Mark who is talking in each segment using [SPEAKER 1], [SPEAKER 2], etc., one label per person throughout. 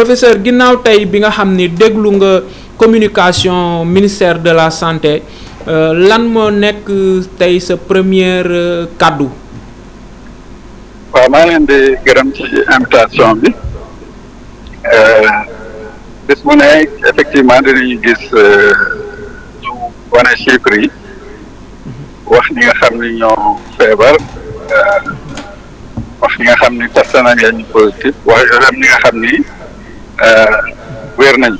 [SPEAKER 1] professeur ginnaw tay bi nga xamni ni déglu nga communication ministère de la santé euh, lan mo nek tay sa première cadeau
[SPEAKER 2] wa ma leen di gërëm ci invitation bi euh, bis mu effectivement dinañu gis euh, ñu wane chiffres yi wax ni nga xamni ni ñoo feebar wax ni nga xamni ni testé nañ positif wax ñi nga xamni wér nañu.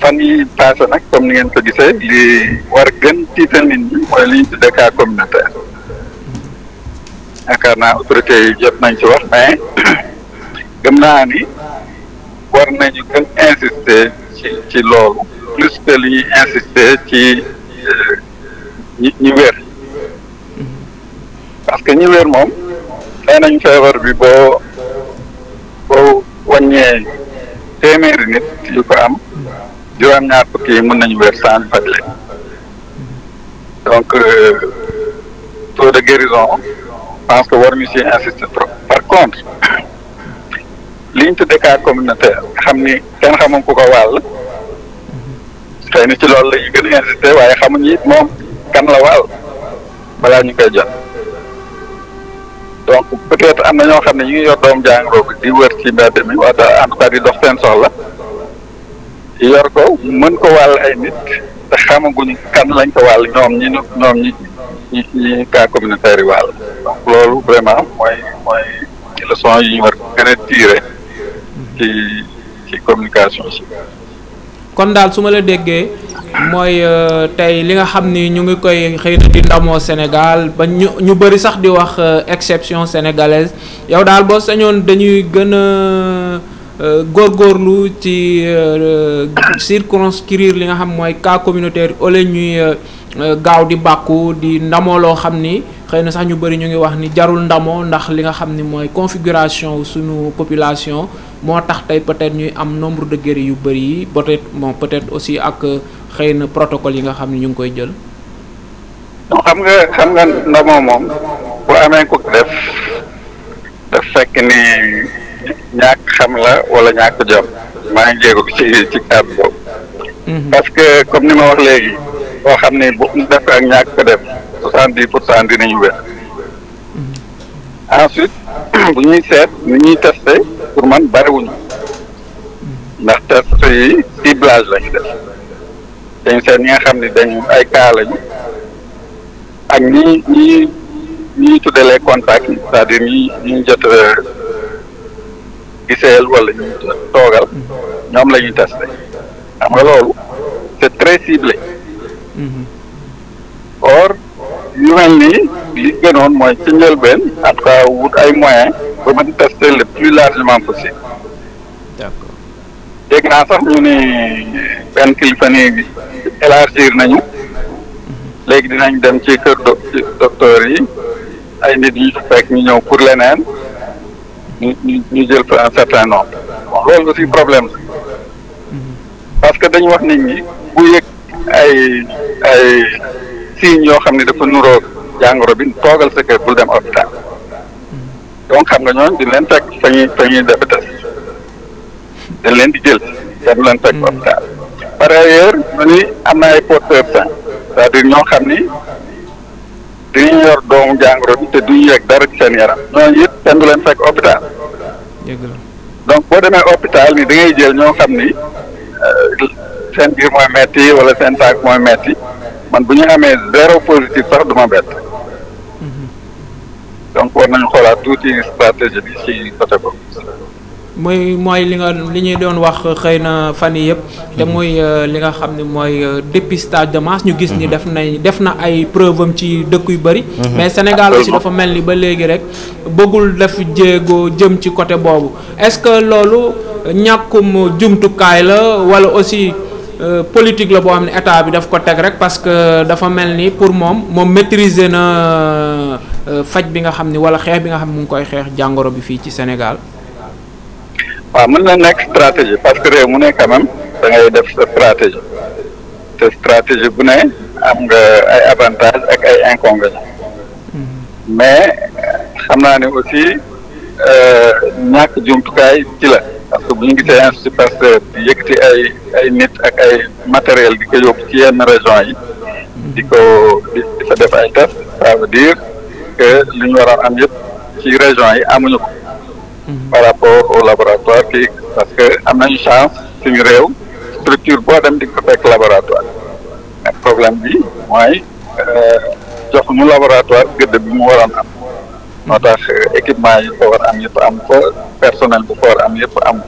[SPEAKER 2] fan yi passé nag comme li ngeen ko gisee li war gën tiital nit ñi mooy li ñu tuddee cas communautaire yaakaar naa autorités yi jot nañ ci wax mais gëm naa ni war nañu gën insister ci ci loolu plus que li ñuy ci euh, ñi ñi wér parce que ñi wér moom xëy nañ feebar bi boo wàññee téeméeri nit yu ko am juróom-ñaar fukk yi mën nañu wér sans faj leen donc euh, taux de guérison pense que par contre liñ ñu tuddee cas communautaire xam ni kenn xamam ku ko wàll xëy ci lool la ñu gën a waaye xamuñu it moom kan la wàll balaa ñu koy jot donc peut être am na ñoo xam ne ñu ngi yor doom jàngoro bi di wër ci mbedd mi wala en tout cas di dox seen soxla yor ko mën ko wàll ay nit te xamaguñ kan lañ ko wàll ñoom ñi ñoom ñi ñi ñi communautaire yi wàll loolu vraiment mooy mooy leçon yi ñu war gën a tirer ci ci communication si
[SPEAKER 1] kon daal su ma la déggee mooy euh, tey li nga xam ni ñu ngi koy xëy na di ndamoo Sénégal ba ñu ñu bëri sax di wax euh, exception sénégalaise yow daal boo sañoon dañuy gën a euh, góorgóorlu ci circonscrire li nga xam mooy cas communautaire au lieu ñuy gaaw di bàkku di ndamoo loo xam ni xëy na sax ñu bëri ñu ngi wax ni jarul ndamoo ndax li nga xam ni mooy configuration suñu population moo tax tey peut-être ñuy am nombre de guéris yu bëri yi peut-être bon être aussi ak xëy na protocole yi nga xam ne ñu ngi koy jël
[SPEAKER 2] xam nga xam nga ndamoo moom bu amee ko def daf fekk ni ñàkk xam la wala ñàkk jom maa ngi jéego ci ci kàddu boobu mhm. parce que comme ni ma wax léegi koo xam ni bu def ak ñàkk ko def soixante dix pour cent dinañu wér ensuite bu ñuy seet ni ñuy testé pour man bariwuñu mhm. ndax test yi ciblage lañu def dañ seet ñi nga xam ne dañu ay cas lañu ak ñi ñi ñi tuddee les contacts yi cest à ñu jot euh, giseel wala ñu toogal ñoom la ñuy testé xam nga loolu c'est très ciblé mm-hmm. or yu mel nii li gënoon mooy ci njëlbeen en tout ay moyens ba mën tester le plus largement possible dégg naa sax ñu ni benn kilifa nii élargir nañu léegi dinañ dem ci kër docteur yi ay nit yi fekk ñu ñëw pour leneen ñu ñu jël fa un certain nombre bon loolu aussi problème parce que dañu wax nit ñi bu yëg ay ay signes yoo xam ne dafa nuroog jàngoro bi toogal sa kër bul dem hôpital donc xam nga ñooñ di leen fekk fa ñuy fa ñuy leen di jël dañ leen fekk hôpital par ailleurs ñu ni am na ay porteurs sains cest dire ñoo xam ni duñu yor doomu jàngoro bi te duñu yegg dara seen yaram ñooñu it kenn du leen fekk hôpital donc boo demee hôpital ni da ngay jël ñoo xam ni euh, seen biir mooy metti wala seen tànk mooy metti man bu ñu amee zéro positif sax du
[SPEAKER 1] ma bett mhm.
[SPEAKER 2] donc war nañu xoolaat tuuti stratégie bi ci côté boobu
[SPEAKER 1] moy moy li nga li ñuy doon wax xeyna fani yeb te moy mhm. euh, li nga xamni moy euh, dépistage de masse ñu gis ni mhm. def na def na ay preuve ci dekk yu bari mhm. mais Sénégal aussi dafa melni ba légui rek bëggul def jéego jëm ci côté bobu est-ce que lolu ñakum kay la wala aussi euh, politique la bo xamni état bi daf ko tek rek parce que dafa melni pour mom mom maîtriser na fajj bi nga xamni wala xex bi nga xamni mu ngi koy xex jangoro bi fi ci Sénégal
[SPEAKER 2] waaw ah, mën next nekk stratégie parce que réew mu ne quand même da ngay def stratégie te stratégie bu ne am nga ay avantages ak ay inconvénients mhm. mais xam naa ne aussi euh, ñàkk jumtukaay ci la parce que bu ñu gisee institut pasteur di yëkkati ay ay nit ak ay matériel di ko yóbbu ci yenn région yi di ko di fa def ay test ça veut dire que li ñu waroon am yëpp ci région yi amuñu ko par rapport au laboratoire kii parce que am nañu chance suñu réew structure boo dem di ko fekk laboratoire problème bi mooy euh, jox ñu laboratoire gëdd bi mu waroon am moo tax euh, équipement yi ko am yëpp am ko personnel bu ko am yëpp am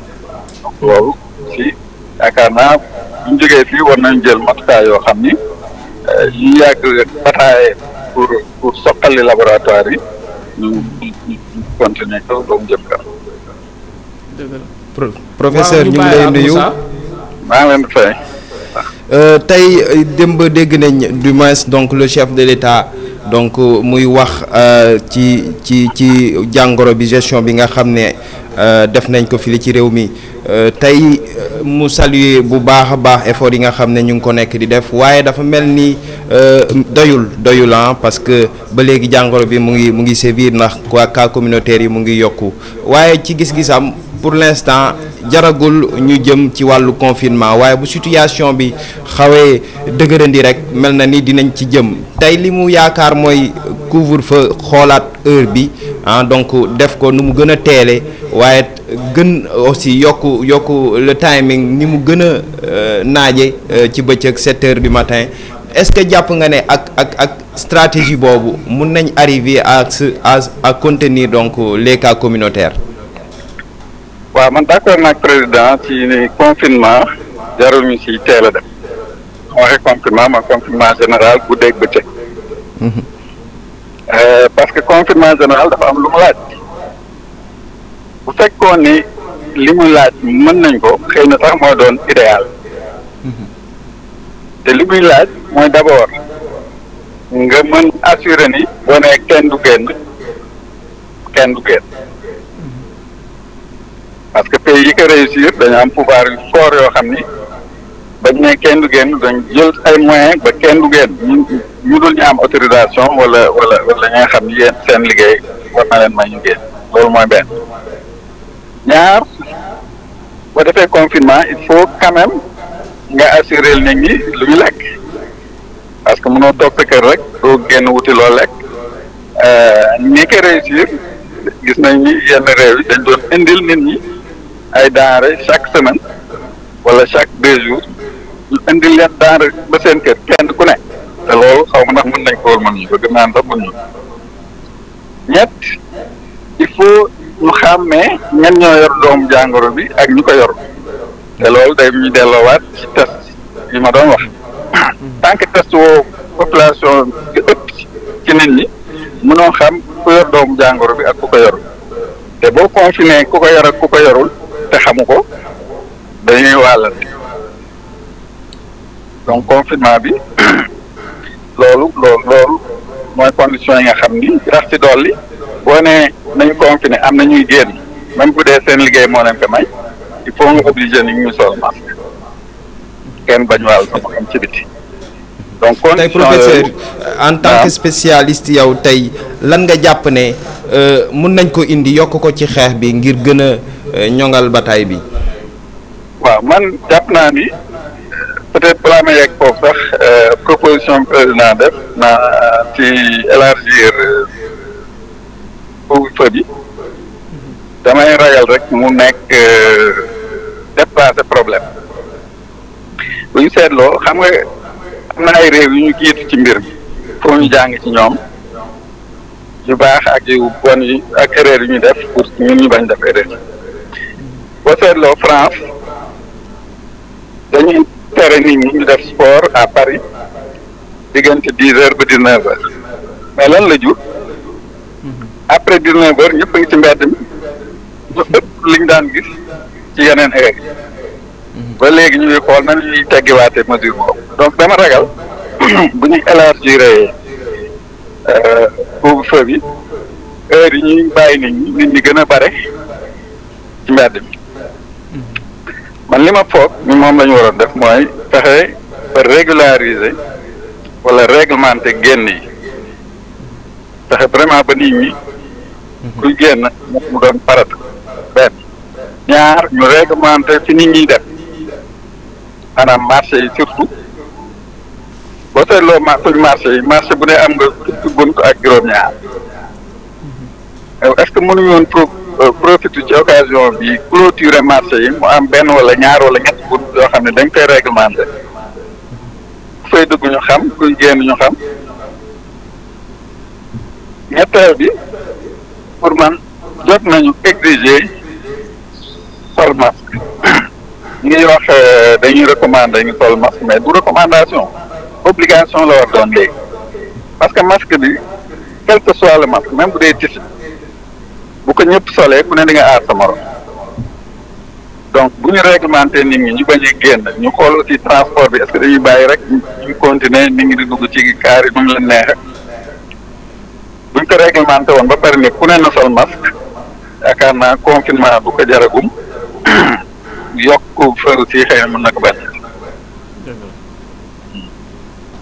[SPEAKER 2] donc si yaakaar naa bu ñu jógee fii war nañ jël matukaay yoo xam ni euh, yi yàgg bataaye pour pour soqali laboratoire yi continuer ko ba mu jëm
[SPEAKER 3] professeur ñu ngi lay nuyu. Euh, tey euh, démb dégg nañ du moins donc le chef de l'État donc euh, muy wax ci ci ci jàngoro bi gestion bi nga xam ne def nañ ko fii ci réew mi. Euh, tey euh, mu saluer bu baax a baax effort yi nga xam ne ñu ngi ko nekk di def waaye dafa mel ni euh, doyul doyul ah, parce que ba léegi jàngoro bi mu ngi mu ngi sévir ndax quoi cas communautaire yi mu ngi yokku waaye ci gis-gisam pour l'instant jaragul ñu jëm ci wàllu confinement waaye bu situation bi xawee dëgërandi rek mel na ni dinañ ci jëm tey li mu yaakaar mooy couvre-feu xoolaat heure bi ah donc def ko nu mu gën a teele waaye gën aussi yokku yokku le timing ni mu gën a euh, naaje euh, ci bëccëg 7 heures du matin est-ce que jàpp nga ne ak ak ak stratégie boobu mun nañ arriver à à à contenir donc les cas communautaires.
[SPEAKER 2] waaw man d'accord nag président ci ni confinement jarul ñu ci teel a dem waxee confinement ma confinement général bu dégg bëccëg. Mhm. Euh, parce que confinement général dafa am lu mu laaj. bu fekkoon ni li mu laaj mën nañ ko xëy na sax moo doon idéal mhm. te li muy laaj mooy d'abord nga mën assurer ni boo kenn du génn kenn du génn mhm. parce que pays yi ko réussir dañu am pouvoir yu fort yoo xam ni bañ ne kenn du génn dañ jël ay moyens ba kenn du génn ñu ñu dul ñu am autorisation wala walla wala ñi xam ni yéen seen liggéey war na leen may génn loolu mooy benn. ñaar boo defee confinement il faut quand même nga assuré nit ñi lu ñu lekk parce que mënoo toog sa kër rek doo génn wuti loo lekk euh, ñi réussir gis nañ ni yenn réew yi dañ doon indil nit ñi ay denrées chaque semaine wala chaque deux jours ñu indil leen denrées ba seen kër kenn ku ne te loolu xaw ma ndax mën nañ ko woon mën ñu bëgg naan sax mën ñu ñett il faut ñu xàmmee ñan ñoo yor doomu jàngoro bi ak ñu ko yor te loolu day ñu delloowaat ci test yi ma doon wax tant que test woo population bi ëpp ci nit ñi mënoo xam ku yor doomu jàngoro bi ak ku ko yor te boo confiné ku ko yor ak ku ko yorul te xamu ko dañuy wàllante donc confinement bi loolu loolu loolu mooy condition yi nga xam ni rax ci dolli boo nee nañ confiné am na ñuy génn même bu dee seen liggéey moo leen ko may il faut nga obligé ni ñu sol masque kenn bañ waal sama xam ci biti
[SPEAKER 3] donc tey professeur en tant que ah. yow tey lan nga jàpp ne euh, mun nañ ko indi yokk ko ci xeex bi ngir gën a euh, ñoŋal bataay bi waaw man jàpp naa ni
[SPEAKER 2] peut-être balaa ma yegg foofu sax euh, proposition président def na ci élargir couvre-feu bi damay rek mu nekk euh, dépassé problème bu ñu seetloo xam nga am na ay réew yu ñu jiitu ci mbir mi pour ñu jàng ci ñoom yu baax ak yu bon yi ak erreur yu ñu def pour ñun ñu bañ def erreur yi boo seetloo France dañuy tere nit ñi ñu def sport à Paris diggante dix heures ba dix neuf heures mais jur après dix-neuf heures ñëpp a ngi ci mbedd mi ñu ëpp daan gis ci yeneen heure yi ba léegi ñu ngi xool nan ñuy teggiwaate mesure boobu donc dama ragal bu ñu élargir euh, couvre-feu bi heure yi ñuy bàyyi nit ñi nit ñi gën a bare ci mbedd mi man li ma foog ni moom la ñu waroon def mooy fexe ba régulariser wala réglementer génn yi fexe vraiment ba nit ñi Mhm. kuy génn moom mu doon farata benn ñaar ñu réglementé fi nit ñuy def maanaam marché yi surtout boo seetloo ma suñ marché yi marché bu ne am nga fukki bunt ak juróom-ñaar est-ce que mënuñu woon pro euh, profité ci occasion bi clôturer marché yi mu am benn wala ñaar wala ñetti bunt yoo xam ne dañ koy réglementé ku fay dugg ñu xam kuy génn ñu xam ñetteel bi. pour man jot nañu exiger sol masque ñuy wax euh, dañuy recommander ñu sol masque mais bu recommandation obligation la war doon léegi parce que masque bi quel que soit le masque même bu dee tissu bu ko ñëpp solee ku ne di nga aar sa morom donc bu ñu réglementé nit ñi ñu bañ a génn ñu xool ci transport bi est-ce que dañuy bàyyi rek ñu continuer nit ñi di dugg ci kaar yi nu mu la neexee buñ ko réglementé woon ba pare ne ku ne na sol masque yaakaar naa confinement bu ko jaragum yokk fër si xëy na mën na ko bañ.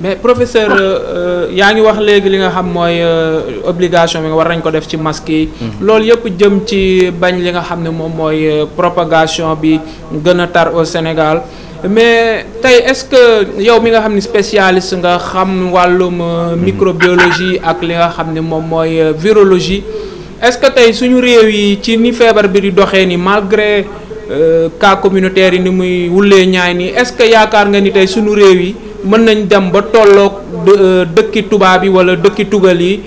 [SPEAKER 1] mais professeur euh, euh, yaa ngi wax léegi li nga xam mooy euh, obligation bi nga war nañ ko def ci masque yi. Mhm. loolu yëpp jëm ci bañ li nga xam ne moom mooy propagation bi gën a tar au Sénégal. mais tey est-ce que yow mi nga xam ni spécialiste nga xam wàllum euh, mhm. microbiologie ak li nga xam ne moom mooy euh, virologie est-ce que tey suñu réew yi ci ni feebar bi di doxee ni malgré kaa euh, communautaire yi ni muy wulee ñaay nii est-ce que yaakaar nga ni tey suñu réew yi mën nañ dem ba tollook tolloog dëkki tubaab yi wala dëkki tugal yi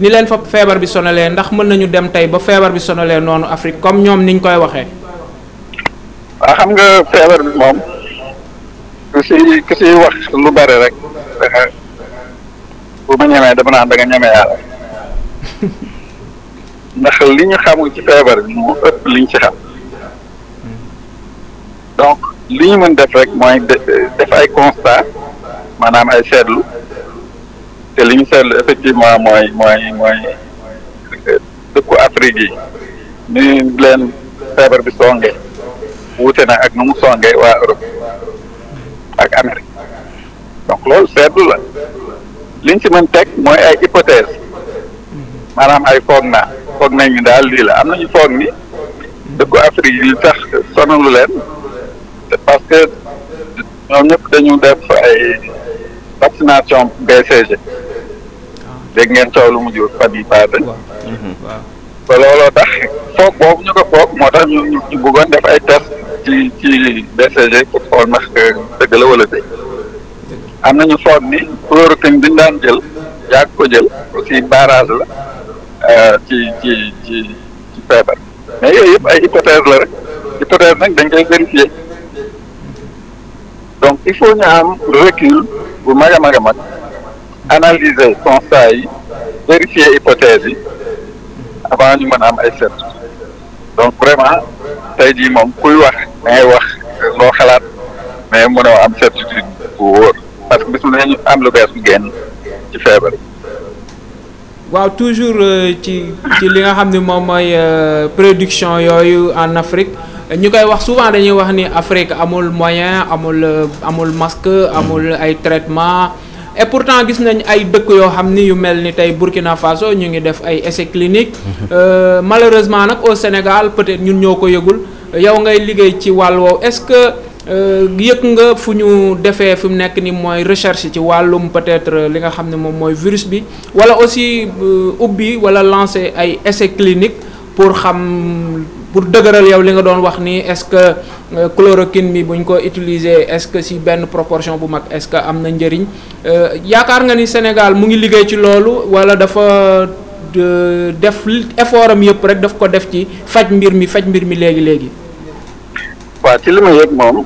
[SPEAKER 1] ni leen fa feebar bi sonalee ndax mën nañu dem tey ba feebar bi sonalee noonu Afrique comme ñoom ni ñu koy waxee.
[SPEAKER 2] waaw ah, xam nga feebar bi ku si ku si wax lu bari rek bu ma ñemee dama naan da ñeme yàlla ndax li ñu xamul ci feebar bi ëpp li ñu ci xam donc li ñu mën def rek mooy def ay constat maanaam ay seetlu te li ñu seetlu effectivement mooy mooy mooy dëkku Afrique yi ni leen feebar bi songee wuute na ak nu mu songee waa Europe ak Amérique donc loolu seetlu la liñ ci mën teg mooy ay hypothèse maanaam ay foog naa foog nañu daal lii la am nañu foog ni dëkku Afrique yi tax sonalu leen parce que ñoom ñëpp dañu def ay vaccination BCG dégg ngeen coow lu mu jur fan mhm. looloo tax foog boobu ñu ko foog moo tax ñu ñu def ay test ci ci BCG pour xool ndax dëgg la wala dëgg am nañu foog ni chloroquine bi ñu daan jël yàgg ko jël aussi barrage la euh, ci ci ci feebar mais yooyu yëpp ay hypothèse la rek hypothèse nag dañ koy vérifier donc il faut ñu am recul bu mag a mag a mag analyser yi vérifier hypothèse yi avant ñu mën am ay certitude donc vraiment tey jii moom kuy wax da ngay wax loo xalaat mais mënoo am certitude bu wóor parce que bis mu ñu am lu bees mu génn ci feebar.
[SPEAKER 1] waaw toujours euh, ci li nga xam ne moom mooy euh, production yooyu en Afrique ñu koy wax souvent dañuy wax ni Afrique amul moyen amul euh, amul masque amul ay traitement et pourtant gis nañ ay dëkk yoo xam ni yu mel ni tey Burkina Faso ñu ngi def ay essais cliniques mm-hmm. malheureusement nag au Sénégal peut-être ñun ñoo ko yëgul yow ngay liggéey ci eske woowu est ce que euh, yëg nga fu ñu defee fi mu nekk ni mooy recherche ci wàllum peut être euh, li nga xam ne moom mooy virus bi wala aussi euh, ubbi wala lancer ay essai clinique pour xam pour dëgëral yow li nga doon wax ni est ce que chloroquine bi buñ ko utiliser est ce que si benn proportion bu mag est ce que am na njëriñ yaakaar nga ni Sénégal mu ngi liggéey ci loolu wala dafa def effort am yëpp rek daf ko def ci faj mbir mi faj mbir mi léegi léegi.
[SPEAKER 2] waaw ci li ma yëg moom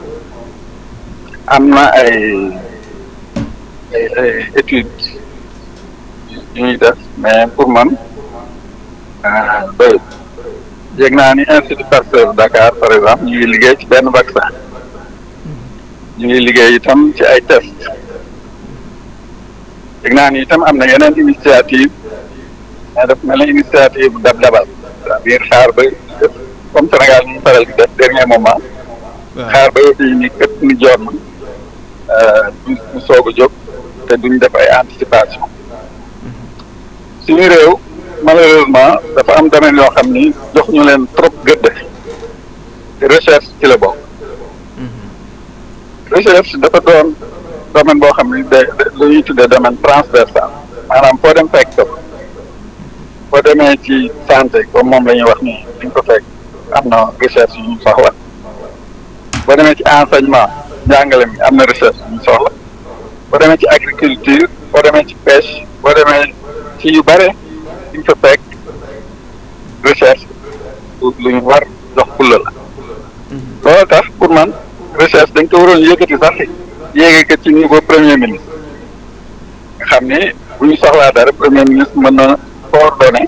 [SPEAKER 2] am na ay ay ay études yu ñuy def mais pour man doyul euh, yëg naa ni institut Pasteur Dakar par exemple ñu liggéey ci benn vaccin mm-hmm. ñu liggéey itam ci ay test yëg naa ni itam am na yeneen initiative mais def mel ni initiative dab dabal cest xaar ba comme Sénégal ñu faral di def dernier moment xaar ba yëf yi ni këpp ni joor na ñu euh, soog a jóg te duñ def ay anticipation suñu réew malheureusement dafa am domaine yoo xam ni jox ñu leen trop gëdd recherche ci la bokk mm-hmm. recherche dafa doon domaine boo xam ni day lu ñuy tuddee domaine transversal maanaam foo dem fekk ko boo demee ci santé comme moom la ñuy wax nii fi ko fekk am na recherche yu ñu soxla boo demee ci enseignement njàngale mi am na recherche yu ñu soxla boo demee ci agriculture boo demee ci pêche boo demee ci yu bare fi ko fekk recherche lu ñu war jox kulla la loolu tax pour man recherche dañ ko waroon yëkkati sax yéege ci premier ministre nga xam ne bu ñu soxlaa dara premier ministre mën na coordonné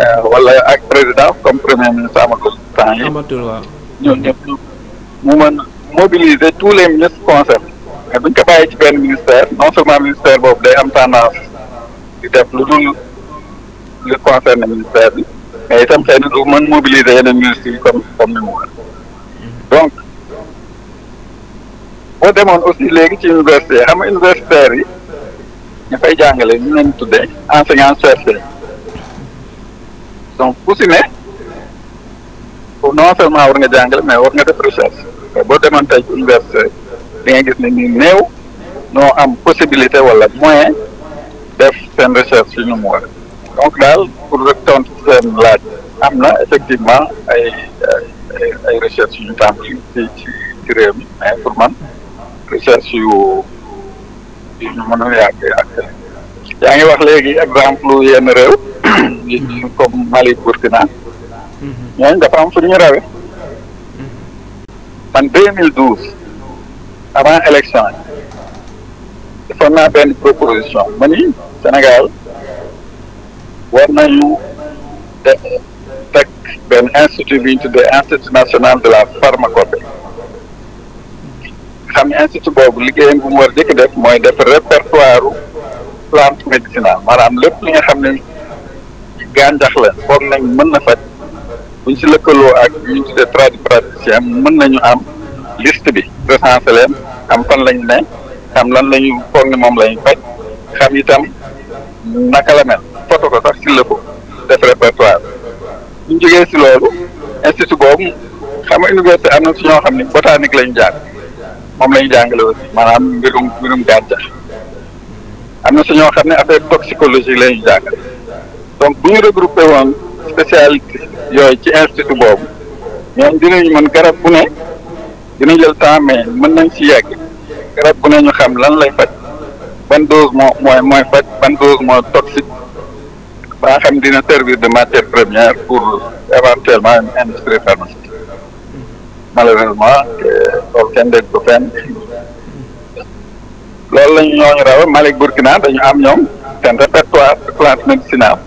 [SPEAKER 2] euh, wala ak président comme premier ministre amatul temps yi ñoom ñëpp mu man mobiliser tous les ministres concernés mais bu ñu ko bàyyi ci benn ministère non seulement ministère boobu day am tendance di def lu dul li concerne ministère bi mais itam xëy na du mën mobiliser yeneen ministres comme comme ni donc boo demoon aussi léegi ci université xam nga universitaires yi ñu fay jàngale ñu leen tuddee enseignants chercheurs donc ku si ne non seulement war nga jàngale mais war nga def recherche boo demoon tey ci université di nga gis ne ñu néew ñoo am possibilité wala moyen def seen recherche yi nu mu war donc daal pour tontu seen laaj am na effectivement ay ay ay recherche yu ñu ci ci réew mi mais pour man recherche yu yu ñu mën a yàgg yàgg yaa ngi wax léegi exemple yenn réew yi comme Mali Burkina ñooñu mhm. eh, dafa am fu ñu rawee mhm. man deux mille douze avant élection yi defoon naa benn proposition ma ni Sénégal war nañu de teg benn institut bi ñu tuddee institut national de la pharmacopée mhm. xam ne institut boobu liggéeyam bu mu war jëkk def mooy def répertoire plante médicinale maanaam lépp li nga xam ne gàncax la foog nañ mën na faj buñ si lëkkaloo ak ñu tuddee tradipraticien mën nañu am list bi recensé leen xam fan lañ ne xam lan lañu foog ne moom lañu faj xam itam naka la mel foto ko sax si la def répertoire buñ jógee si loolu institut boobu xam nga université am na si ñoo xam ni botanique lañu jàng moom lañu jàngale aussi maanaam mbirum mbirum gàncax am na si ñoo xam ne affaire toxicologie lañu jàngale donc bu ñu regroupé woon spécialité yooyu ci institut boobu ñoom dinañ mën garab bu ne dinañ jël temps mais mën nañ si yegg garab bu ne ñu xam lan lay faj ban dose moo mooy mooy faj ban dose moo toxique ba xam dina servir de matière première pour éventuellement une industrie pharmaceutique malheureusement loolu kenn dégg ko fenn loolu lañ ñooñu rawal malik burkina dañu am ñoom seen répertoire de plante médicinale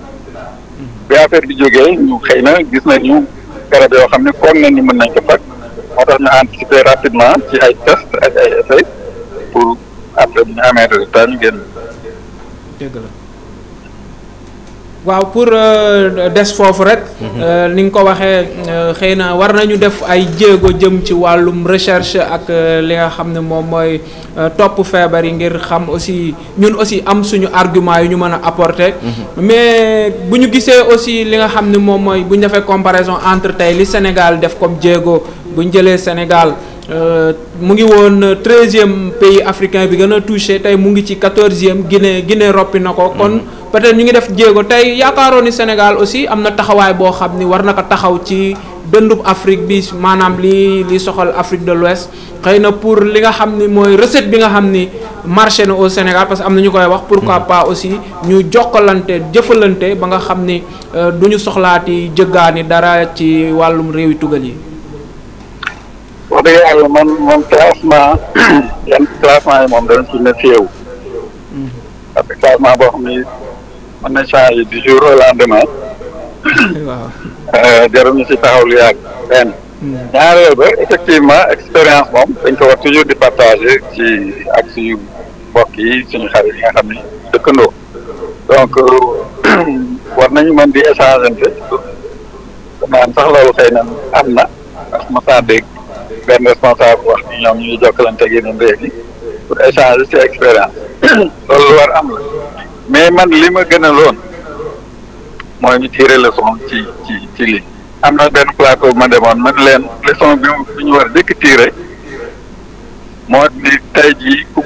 [SPEAKER 2] bi affaire bi jógee ñu xëy na gis nañu garab yoo xam ne kon nañ ni mën nañ ko faj moo tax ñu anticiper rapidement ci ay test ak ay essais pour après bu ñu amee résultat ñu génn.
[SPEAKER 1] dëgg waaw pour euh, des foofu rek. Mhm. Euh, ni nga ko waxee euh, xëy na war nañu def ay jéego jëm ci wàllum recherche ak li nga xam ne moom mooy topp feebar yi ngir xam aussi ñun aussi am suñu argument yu ñu mën a apporter. Mhm. mais bu ñu gisee aussi li nga xam ne moom mooy bu ñu defee comparaison entre tey li Sénégal def comme jéego bu ñu jëlee Sénégal. Euh, mu ngi woon treizième pays africain bi gën a touché tey mu ngi ci quatorzième gine Guinée roppi na ko hmm. kon peut-être ñu ngi def jéego tey yaakaaroon ni Sénégal aussi am na taxawaay boo xam ni war na ko taxaw ci dëndub Afrique bi maanaam li li soxal Afrique de l'Ouest xëy na pour li nga xam ni mooy recette bi nga xam ni marché na au Sénégal parce que am na ñu koy wax pour pourquoi hmm. pas aussi ñu jokkalante jëfalante ba nga xam ni euh, du ñu soxlaati jëggaani dara ci wàllum réewi yi
[SPEAKER 2] wax dëgg yàlla man man classement yan classement yi moom dana ci ne féew mm-hmm. parce classement boo xam ni mën na changé du jour au lendemain
[SPEAKER 1] waaw
[SPEAKER 2] euh, jarul ñu si taxaw lu yàgg mm-hmm. ñaareel ba effectivement expérience moom dañ ko war toujours di partager ci ak suñu mbokk yi suñu xarit yi nga xam ni dëkkandoo donc euh, war nañu mën di échanger naan sax loolu xëy na am na ndax ma saa dégg benn responsable wax ni ñoom ñuy jokkalante ak yeneen a yi pour échanger ci expérience loolu war am la mais man li ma gën a loon mooy ñu tirer leçon ci ci ci lii am na benn plateau bu ma demoon man leen leçon bi bi ñu war dëkk tirer moo di tey jii ku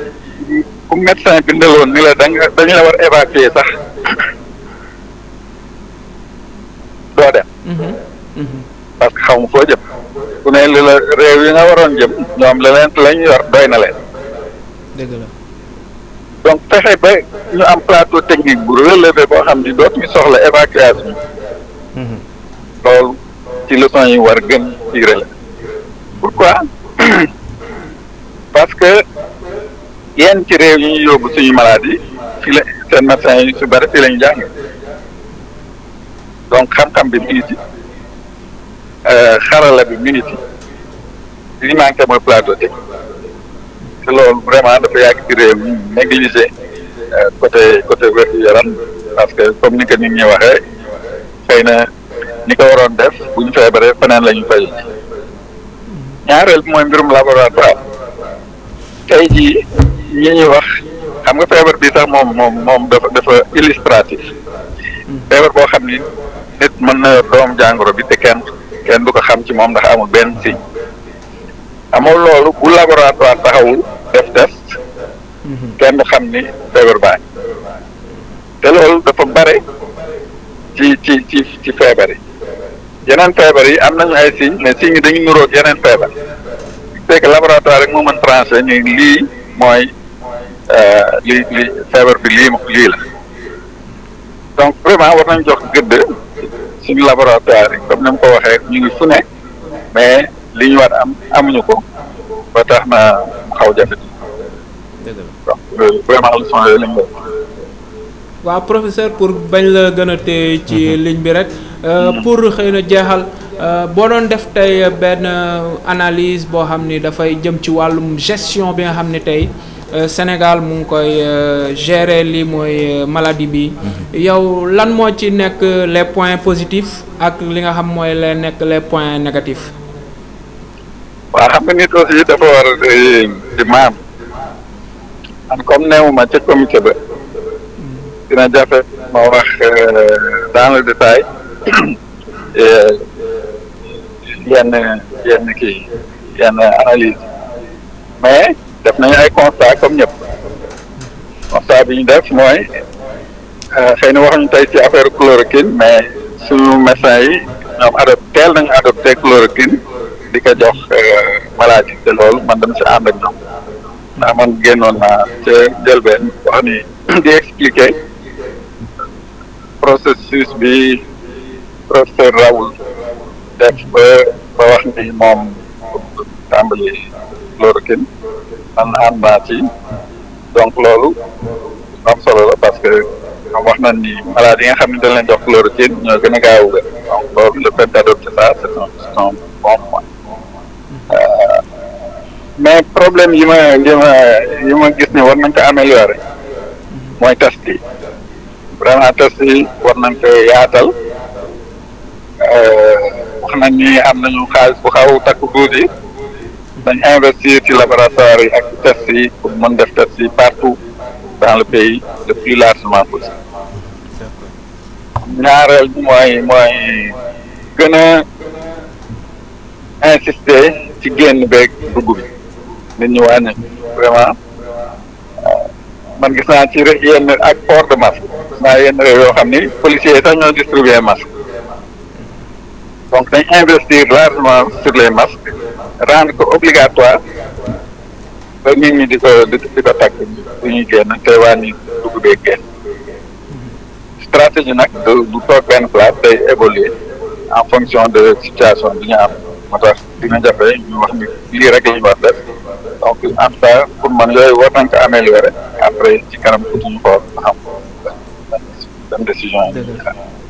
[SPEAKER 2] ku médecin bindaloon ni la da nga war évacuer sax doo parce que xaw ma foo jëm ku ne li la yi nga waroon jëm ñoom la leen yor doy na leen. donc fexe ba ñu am plateau technique bu relevé boo xam ni dootuñu soxla évacuation. Mhm. loolu ci leçon yi war gën ci relevé. pourquoi parce que yenn ci réew yi ñu yóbbu suñu maladie fi la seen médecin yi su bëri fii lañu jàng donc xam-xam bi mu xarala bi mi ngi ci li mooy plateau technique te loolu vraiment dafa yàgg ci réew mi négligé euh, côté côté wérgu yaram parce que comme ni ko nit ñi waxee xëy na ni ko waroon def bu ñu feebaree fanaan la ñu fay ñaareel bi mooy mbirum laboratoire tey jii ñi ñuy wax xam nga feebar bi sax moom moom moom dafa dafa illustratif mm. feebar boo xam ni nit mën na doom jàngoro bi te kenn kenn du ko xam ci moom ndax amul benn signe amul loolu bu laboratoire taxawul def test mhm. kenn xam ni feebar baa te loolu dafa bare ci ci ci ci feebar yi yeneen feebar yi am nañu ay signe mais signe dañu nuroog yeneen feebar fekk laboratoire rek moo mën tranché ni lii mooy euh, li li feebar bi lii lii la donc vraiment war nañ jox gëdd suñu laboratoire yi comme ni mu ko waxee rek ñu ngi fu ne mais li ñu war am amuñu ko ba tax na mu xaw jafe. vraiment leçon yooyu
[SPEAKER 1] professeur pour bañ la gën a téye ci mhm. ligne bi rek euh, mhm. pour xëy na jeexal euh, boo doon def tey benn analyse boo xam ni dafay jëm ci wàllum gestion bi nga xam ni tey Euh, Sénégal mu koy euh, gérer li mooy euh, maladie bi mhm. yow lan moo ci nekk les points positifs ak li nga xam mooy le nekk les points négatifs
[SPEAKER 2] waa xam nga nit aussi dafa di maam man comme neewuma ca comité ba dina jafe ma wax dans le détail yenn yenn kii yenn analyse mais def nañu ay constat comme ñëpp constat bi ñu def mooy euh, xëy na waxuñu tey ci affaire chloroquine mais suñu médecin yi ñoom adopté teel nañu chloroquine di ko jox euh, maladie te loolu man dama si ànd ak ñoom ndax man génnoon naa ca jëlbeen wax ni di expliquer processus bi professeur Raoul def ba ba wax ni moom tàmbali chloroquine man am naa ci donc loolu am solo parce que wax nañ ni malade yi nga xam ne dañ leen jox chloroquine ñoo gën a gaaw a donc loolu le fait d'adopter ça c'est c'est un bon point euh, mais problème yi ma yi ma yi ma gis ne war nañ ko améliorer mooy test yi vraiment test yi war nañ ko yaatal euh, wax nañ ni am nañu xaalis bu xaw takku tuuti dañ investir ci laboratoire yi ak ci test mën def test yi partout dans le pays le plus largement possible ñaareel bi mooy mooy gën a insister ci génn beeg dugg bi nit ñu wàññi vraiment euh, man gis naa ci yenn ak port de masque gis yenn réew yoo xam ni policiers yi sax ñoo distribuer masque donc dañ investir largement sur les masques rendre ko obligatoire ba nit ñi di ko di ko takk bu ñuy génn te waa ni dugg bee génn stratégie nag du du toog benn place day évoluer en fonction de situation bi ñu am moo tax dina jafe ñu wax ni lii rek la ñu war def donc en tout pour man yooyu war nañ ko améliorer après ci kanam tuuti ñu ko xam ban décision
[SPEAKER 3] yi.